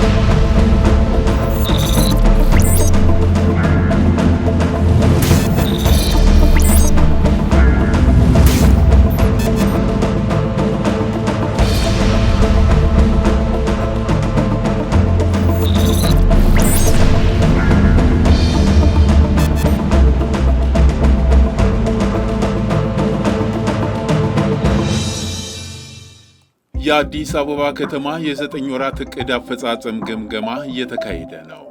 Thank you. የአዲስ አበባ ከተማ የዘጠኝ ወራት እቅድ አፈጻጸም ግምገማ እየተካሄደ ነው።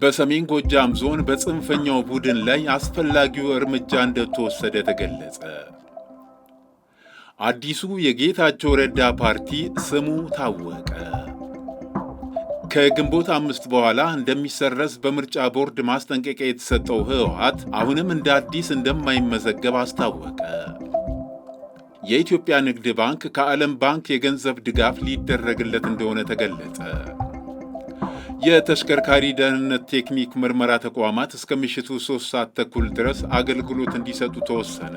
በሰሜን ጎጃም ዞን በጽንፈኛው ቡድን ላይ አስፈላጊው እርምጃ እንደተወሰደ ተገለጸ። አዲሱ የጌታቸው ረዳ ፓርቲ ስሙ ታወቀ። ከግንቦት አምስት በኋላ እንደሚሰረዝ በምርጫ ቦርድ ማስጠንቀቂያ የተሰጠው ህወሓት አሁንም እንደ አዲስ እንደማይመዘገብ አስታወቀ። የኢትዮጵያ ንግድ ባንክ ከዓለም ባንክ የገንዘብ ድጋፍ ሊደረግለት እንደሆነ ተገለጠ። የተሽከርካሪ ደህንነት ቴክኒክ ምርመራ ተቋማት እስከ ምሽቱ ሦስት ሰዓት ተኩል ድረስ አገልግሎት እንዲሰጡ ተወሰነ።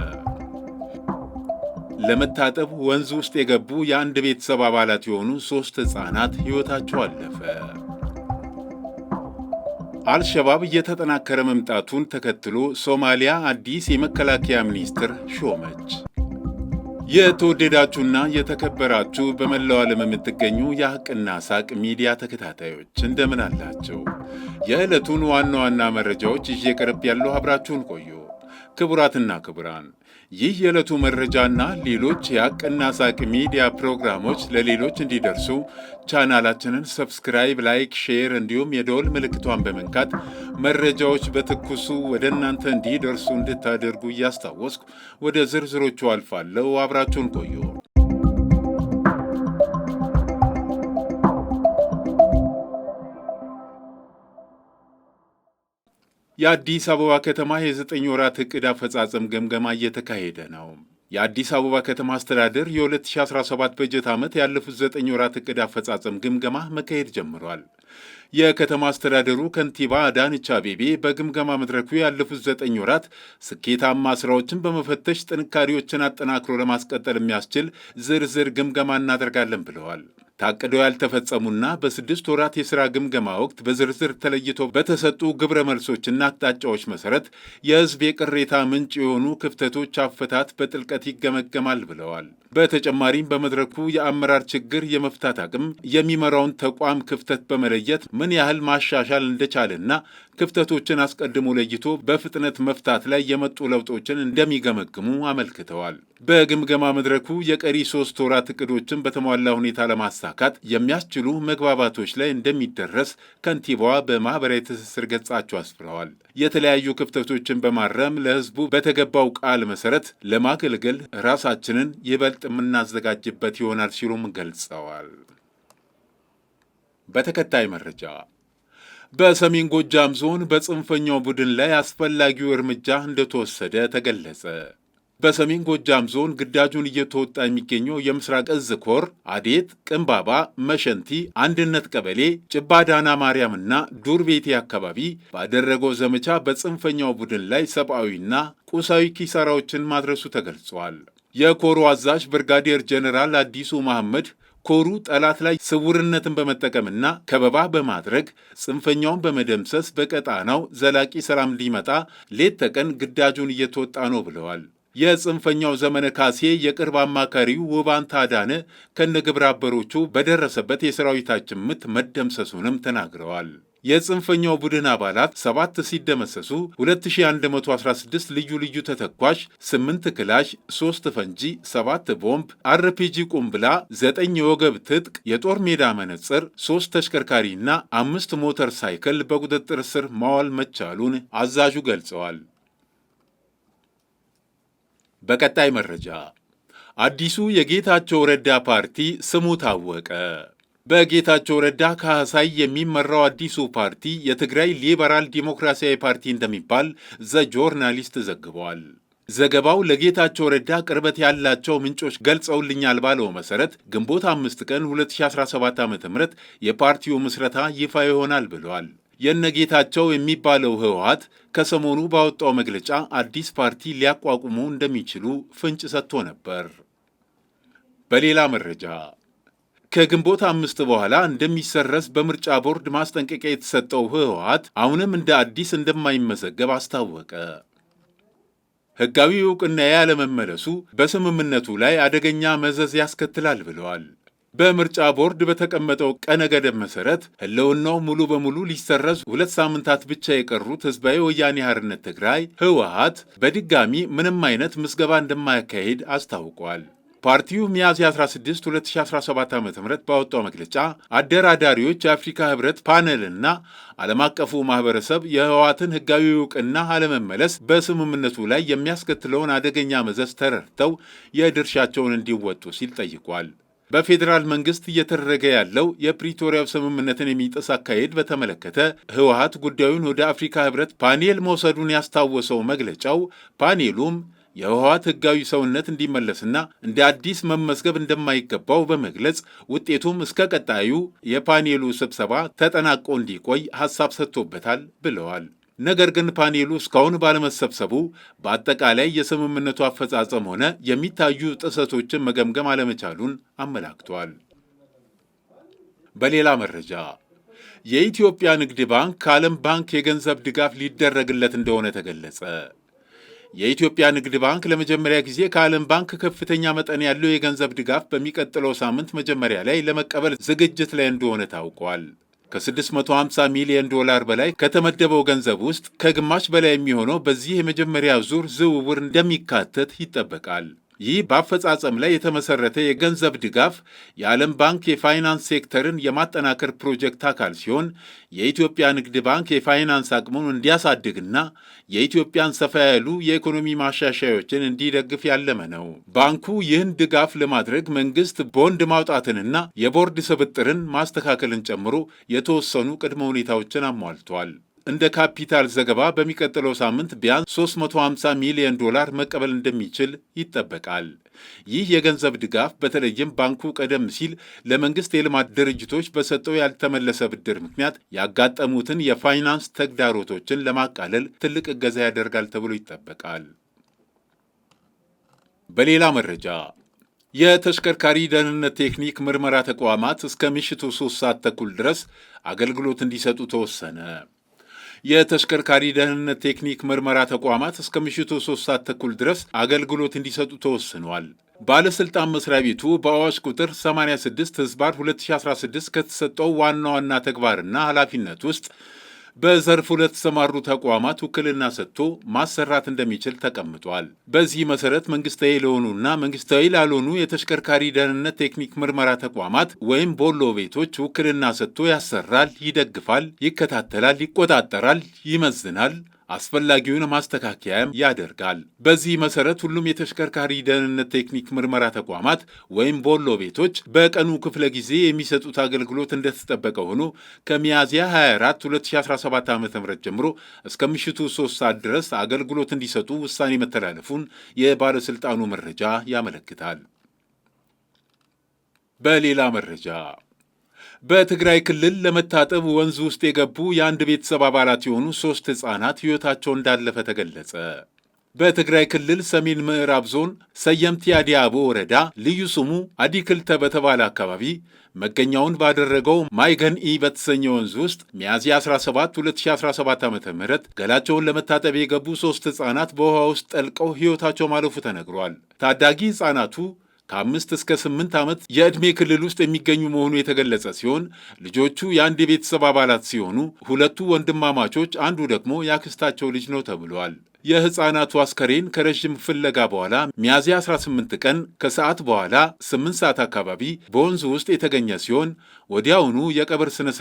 ለመታጠብ ወንዝ ውስጥ የገቡ የአንድ ቤተሰብ አባላት የሆኑ ሦስት ሕፃናት ሕይወታቸው አለፈ። አልሸባብ እየተጠናከረ መምጣቱን ተከትሎ ሶማሊያ አዲስ የመከላከያ ሚኒስትር ሾመች። የተወደዳችሁና የተከበራችሁ በመላው ዓለም የምትገኙ የሐቅና ሳቅ ሚዲያ ተከታታዮች እንደምን አላችሁ? የዕለቱን ዋና ዋና መረጃዎች ይዤ ቀረብ ያለሁ፣ አብራችሁን ቆዩ። ክቡራትና ክቡራን ይህ የዕለቱ መረጃና ሌሎች የሐቅና ሳቅ ሚዲያ ፕሮግራሞች ለሌሎች እንዲደርሱ ቻናላችንን ሰብስክራይብ፣ ላይክ፣ ሼር እንዲሁም የደወል ምልክቷን በመንካት መረጃዎች በትኩሱ ወደ እናንተ እንዲደርሱ እንድታደርጉ እያስታወስኩ ወደ ዝርዝሮቹ አልፋለሁ። አብራችሁን ቆዩ። የአዲስ አበባ ከተማ የዘጠኝ ወራት ዕቅድ አፈጻጸም ገምገማ እየተካሄደ ነው። የአዲስ አበባ ከተማ አስተዳደር የ2017 በጀት ዓመት ያለፉት ዘጠኝ ወራት እቅድ አፈጻጸም ግምገማ መካሄድ ጀምሯል። የከተማ አስተዳደሩ ከንቲባ አዳነች አቤቤ በግምገማ መድረኩ ያለፉት ዘጠኝ ወራት ስኬታማ ስራዎችን በመፈተሽ ጥንካሬዎችን አጠናክሮ ለማስቀጠል የሚያስችል ዝርዝር ግምገማ እናደርጋለን ብለዋል። ታቅደው ያልተፈጸሙና በስድስት ወራት የሥራ ግምገማ ወቅት በዝርዝር ተለይቶ በተሰጡ ግብረ መልሶችና አቅጣጫዎች መሠረት የሕዝብ የቅሬታ ምንጭ የሆኑ ክፍተቶች አፈታት በጥልቀት ይገመገማል ብለዋል። በተጨማሪም በመድረኩ የአመራር ችግር የመፍታት አቅም የሚመራውን ተቋም ክፍተት በመለየት ምን ያህል ማሻሻል እንደቻለና ክፍተቶችን አስቀድሞ ለይቶ በፍጥነት መፍታት ላይ የመጡ ለውጦችን እንደሚገመግሙ አመልክተዋል። በግምገማ መድረኩ የቀሪ ሶስት ወራት እቅዶችን በተሟላ ሁኔታ ለማሳካት የሚያስችሉ መግባባቶች ላይ እንደሚደረስ ከንቲባዋ በማኅበራዊ ትስስር ገጻቸው አስፍረዋል። የተለያዩ ክፍተቶችን በማረም ለሕዝቡ በተገባው ቃል መሰረት ለማገልገል ራሳችንን ይበልጥ የምናዘጋጅበት ይሆናል ሲሉም ገልጸዋል። በተከታይ መረጃ በሰሜን ጎጃም ዞን በጽንፈኛው ቡድን ላይ አስፈላጊው እርምጃ እንደተወሰደ ተገለጸ። በሰሜን ጎጃም ዞን ግዳጁን እየተወጣ የሚገኘው የምስራቅ እዝ ኮር አዴት፣ ቅንባባ፣ መሸንቲ፣ አንድነት ቀበሌ፣ ጭባዳና ማርያምና ዱር ቤቴ አካባቢ ባደረገው ዘመቻ በጽንፈኛው ቡድን ላይ ሰብአዊና ቁሳዊ ኪሳራዎችን ማድረሱ ተገልጿል። የኮሩ አዛዥ ብርጋዴር ጀኔራል አዲሱ መሐመድ ኮሩ ጠላት ላይ ስውርነትን በመጠቀምና ከበባ በማድረግ ጽንፈኛውን በመደምሰስ በቀጣናው ዘላቂ ሰላም እንዲመጣ ሌት ተቀን ግዳጁን እየተወጣ ነው ብለዋል። የጽንፈኛው ዘመነ ካሴ የቅርብ አማካሪው ውባንታ አዳነ ከነግብረ አበሮቹ በደረሰበት የሰራዊታችን ምት መደምሰሱንም ተናግረዋል። የጽንፈኛው ቡድን አባላት ሰባት ሲደመሰሱ 2116 ልዩ ልዩ ተተኳሽ፣ 8 ክላሽ፣ 3 ፈንጂ፣ 7 ቦምብ፣ አርፒጂ ቁምብላ፣ 9 የወገብ ትጥቅ፣ የጦር ሜዳ መነጽር፣ 3 ተሽከርካሪና አምስት ሞተር ሳይክል በቁጥጥር ስር ማዋል መቻሉን አዛዡ ገልጸዋል። በቀጣይ መረጃ አዲሱ የጌታቸው ረዳ ፓርቲ ስሙ ታወቀ። በጌታቸው ረዳ ካህሳይ የሚመራው አዲሱ ፓርቲ የትግራይ ሊበራል ዲሞክራሲያዊ ፓርቲ እንደሚባል ዘ ጆርናሊስት ዘግቧል። ዘገባው ለጌታቸው ረዳ ቅርበት ያላቸው ምንጮች ገልጸውልኛል ባለው መሰረት ግንቦት አምስት ቀን 2017 ዓ ም የፓርቲው ምስረታ ይፋ ይሆናል ብሏል። የነጌታቸው የሚባለው ህወሓት ከሰሞኑ ባወጣው መግለጫ አዲስ ፓርቲ ሊያቋቁሙ እንደሚችሉ ፍንጭ ሰጥቶ ነበር። በሌላ መረጃ ከግንቦት አምስት በኋላ እንደሚሰረዝ በምርጫ ቦርድ ማስጠንቀቂያ የተሰጠው ህወሓት አሁንም እንደ አዲስ እንደማይመዘገብ አስታወቀ። ህጋዊ እውቅና ያለመመለሱ በስምምነቱ ላይ አደገኛ መዘዝ ያስከትላል ብለዋል። በምርጫ ቦርድ በተቀመጠው ቀነ ገደብ መሰረት ህልውናው ሙሉ በሙሉ ሊሰረዝ ሁለት ሳምንታት ብቻ የቀሩት ህዝባዊ ወያኔ ሓርነት ትግራይ ህወሓት በድጋሚ ምንም አይነት ምዝገባ እንደማያካሄድ አስታውቋል። ፓርቲው ሚያዝያ 16 2017 ዓ ም ባወጣው መግለጫ አደራዳሪዎች የአፍሪካ ህብረት ፓነልና ዓለም አቀፉ ማህበረሰብ የህወሓትን ህጋዊ እውቅና አለመመለስ በስምምነቱ ላይ የሚያስከትለውን አደገኛ መዘዝ ተረድተው የድርሻቸውን እንዲወጡ ሲል ጠይቋል። በፌዴራል መንግስት እየተደረገ ያለው የፕሪቶሪያው ስምምነትን የሚጥስ አካሄድ በተመለከተ ህወሀት ጉዳዩን ወደ አፍሪካ ህብረት ፓኔል መውሰዱን ያስታወሰው መግለጫው ፓኔሉም የህወሀት ህጋዊ ሰውነት እንዲመለስና እንደ አዲስ መመዝገብ እንደማይገባው በመግለጽ ውጤቱም እስከ ቀጣዩ የፓኔሉ ስብሰባ ተጠናቆ እንዲቆይ ሀሳብ ሰጥቶበታል ብለዋል። ነገር ግን ፓኔሉ እስካሁን ባለመሰብሰቡ በአጠቃላይ የስምምነቱ አፈጻጸም ሆነ የሚታዩ ጥሰቶችን መገምገም አለመቻሉን አመላክቷል። በሌላ መረጃ የኢትዮጵያ ንግድ ባንክ ከዓለም ባንክ የገንዘብ ድጋፍ ሊደረግለት እንደሆነ ተገለጸ። የኢትዮጵያ ንግድ ባንክ ለመጀመሪያ ጊዜ ከዓለም ባንክ ከፍተኛ መጠን ያለው የገንዘብ ድጋፍ በሚቀጥለው ሳምንት መጀመሪያ ላይ ለመቀበል ዝግጅት ላይ እንደሆነ ታውቋል። ከ650 ሚሊዮን ዶላር በላይ ከተመደበው ገንዘብ ውስጥ ከግማሽ በላይ የሚሆነው በዚህ የመጀመሪያ ዙር ዝውውር እንደሚካተት ይጠበቃል። ይህ በአፈጻጸም ላይ የተመሰረተ የገንዘብ ድጋፍ የዓለም ባንክ የፋይናንስ ሴክተርን የማጠናከር ፕሮጀክት አካል ሲሆን የኢትዮጵያ ንግድ ባንክ የፋይናንስ አቅሙን እንዲያሳድግና የኢትዮጵያን ሰፋ ያሉ የኢኮኖሚ ማሻሻያዎችን እንዲደግፍ ያለመ ነው። ባንኩ ይህን ድጋፍ ለማድረግ መንግስት ቦንድ ማውጣትንና የቦርድ ስብጥርን ማስተካከልን ጨምሮ የተወሰኑ ቅድመ ሁኔታዎችን አሟልቷል። እንደ ካፒታል ዘገባ በሚቀጥለው ሳምንት ቢያንስ 350 ሚሊዮን ዶላር መቀበል እንደሚችል ይጠበቃል። ይህ የገንዘብ ድጋፍ በተለይም ባንኩ ቀደም ሲል ለመንግስት የልማት ድርጅቶች በሰጠው ያልተመለሰ ብድር ምክንያት ያጋጠሙትን የፋይናንስ ተግዳሮቶችን ለማቃለል ትልቅ እገዛ ያደርጋል ተብሎ ይጠበቃል። በሌላ መረጃ የተሽከርካሪ ደህንነት ቴክኒክ ምርመራ ተቋማት እስከ ምሽቱ ሶስት ሰዓት ተኩል ድረስ አገልግሎት እንዲሰጡ ተወሰነ። የተሽከርካሪ ደህንነት ቴክኒክ ምርመራ ተቋማት እስከ ምሽቱ ሶስት ሰዓት ተኩል ድረስ አገልግሎት እንዲሰጡ ተወስኗል። ባለሥልጣን መስሪያ ቤቱ በአዋጅ ቁጥር 86 ህዝባር 2016 ከተሰጠው ዋና ዋና ተግባርና ኃላፊነት ውስጥ በዘርፉ ለተሰማሩ ተቋማት ውክልና ሰጥቶ ማሰራት እንደሚችል ተቀምጧል። በዚህ መሰረት መንግስታዊ ለሆኑና መንግስታዊ ላልሆኑ የተሽከርካሪ ደህንነት ቴክኒክ ምርመራ ተቋማት ወይም ቦሎ ቤቶች ውክልና ሰጥቶ ያሰራል፣ ይደግፋል፣ ይከታተላል፣ ይቆጣጠራል፣ ይመዝናል አስፈላጊውን ማስተካከያም ያደርጋል። በዚህ መሰረት ሁሉም የተሽከርካሪ ደህንነት ቴክኒክ ምርመራ ተቋማት ወይም ቦሎ ቤቶች በቀኑ ክፍለ ጊዜ የሚሰጡት አገልግሎት እንደተጠበቀ ሆኖ ከሚያዝያ 24 2017 ዓ ም ጀምሮ እስከ ምሽቱ 3 ሰዓት ድረስ አገልግሎት እንዲሰጡ ውሳኔ መተላለፉን የባለሥልጣኑ መረጃ ያመለክታል። በሌላ መረጃ በትግራይ ክልል ለመታጠብ ወንዝ ውስጥ የገቡ የአንድ ቤተሰብ አባላት የሆኑ ሦስት ሕፃናት ሕይወታቸው እንዳለፈ ተገለጸ። በትግራይ ክልል ሰሜን ምዕራብ ዞን ሰየምቲ አዲያቦ ወረዳ ልዩ ስሙ አዲክልተ በተባለ አካባቢ መገኛውን ባደረገው ማይገንኢ በተሰኘ ወንዝ ውስጥ ሚያዝያ 17 2017 ዓ ም ገላቸውን ለመታጠብ የገቡ ሦስት ሕፃናት በውሃ ውስጥ ጠልቀው ሕይወታቸው ማለፉ ተነግሯል። ታዳጊ ሕፃናቱ ከአምስት እስከ ስምንት ዓመት የዕድሜ ክልል ውስጥ የሚገኙ መሆኑ የተገለጸ ሲሆን ልጆቹ የአንድ የቤተሰብ አባላት ሲሆኑ ሁለቱ ወንድማማቾች፣ አንዱ ደግሞ የአክስታቸው ልጅ ነው ተብሏል። የህፃናቱ አስከሬን ከረዥም ፍለጋ በኋላ ሚያዝያ 18 ቀን ከሰዓት በኋላ 8 ሰዓት አካባቢ በወንዙ ውስጥ የተገኘ ሲሆን ወዲያውኑ የቀብር ስነ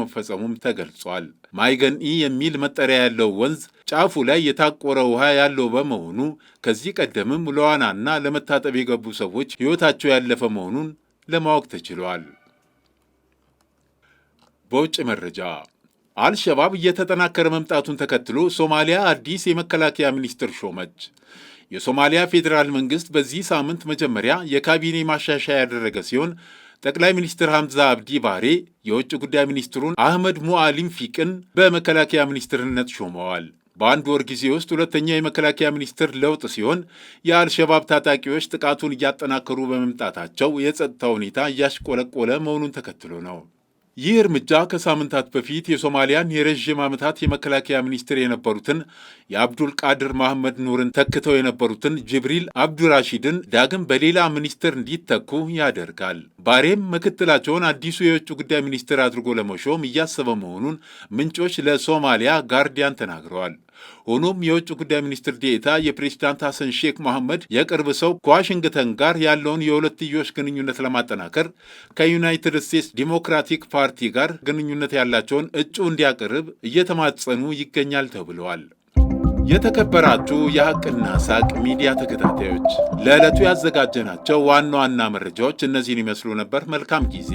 መፈጸሙም ተገልጿል። ማይገንኢ የሚል መጠሪያ ያለው ወንዝ ጫፉ ላይ የታቆረ ውሃ ያለው በመሆኑ ከዚህ ቀደምም ለዋናና ለመታጠብ የገቡ ሰዎች ሕይወታቸው ያለፈ መሆኑን ለማወቅ ተችሏል። በውጭ መረጃ አልሸባብ እየተጠናከረ መምጣቱን ተከትሎ ሶማሊያ አዲስ የመከላከያ ሚኒስትር ሾመች። የሶማሊያ ፌዴራል መንግስት በዚህ ሳምንት መጀመሪያ የካቢኔ ማሻሻያ ያደረገ ሲሆን ጠቅላይ ሚኒስትር ሐምዛ አብዲ ባሬ የውጭ ጉዳይ ሚኒስትሩን አህመድ ሙአሊም ፊቅን በመከላከያ ሚኒስትርነት ሾመዋል። በአንድ ወር ጊዜ ውስጥ ሁለተኛ የመከላከያ ሚኒስትር ለውጥ ሲሆን የአልሸባብ ታጣቂዎች ጥቃቱን እያጠናከሩ በመምጣታቸው የጸጥታ ሁኔታ እያሽቆለቆለ መሆኑን ተከትሎ ነው። ይህ እርምጃ ከሳምንታት በፊት የሶማሊያን የረዥም ዓመታት የመከላከያ ሚኒስትር የነበሩትን የአብዱል ቃድር መሐመድ ኑርን ተክተው የነበሩትን ጅብሪል አብዱራሺድን ዳግም በሌላ ሚኒስትር እንዲተኩ ያደርጋል። ባሬም ምክትላቸውን አዲሱ የውጭ ጉዳይ ሚኒስትር አድርጎ ለመሾም እያሰበ መሆኑን ምንጮች ለሶማሊያ ጋርዲያን ተናግረዋል። ሆኖም የውጭ ጉዳይ ሚኒስትር ዴታ የፕሬዚዳንት ሐሰን ሼክ መሐመድ የቅርብ ሰው ከዋሽንግተን ጋር ያለውን የሁለትዮሽ ግንኙነት ለማጠናከር ከዩናይትድ ስቴትስ ዲሞክራቲክ ፓርቲ ጋር ግንኙነት ያላቸውን እጩ እንዲያቀርብ እየተማጸኑ ይገኛል ተብለዋል። የተከበራችሁ የሐቅና ሳቅ ሚዲያ ተከታታዮች ለዕለቱ ያዘጋጀናቸው ዋና ዋና መረጃዎች እነዚህን ይመስሉ ነበር። መልካም ጊዜ።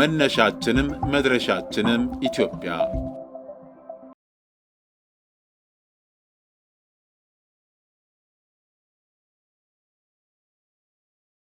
መነሻችንም መድረሻችንም ኢትዮጵያ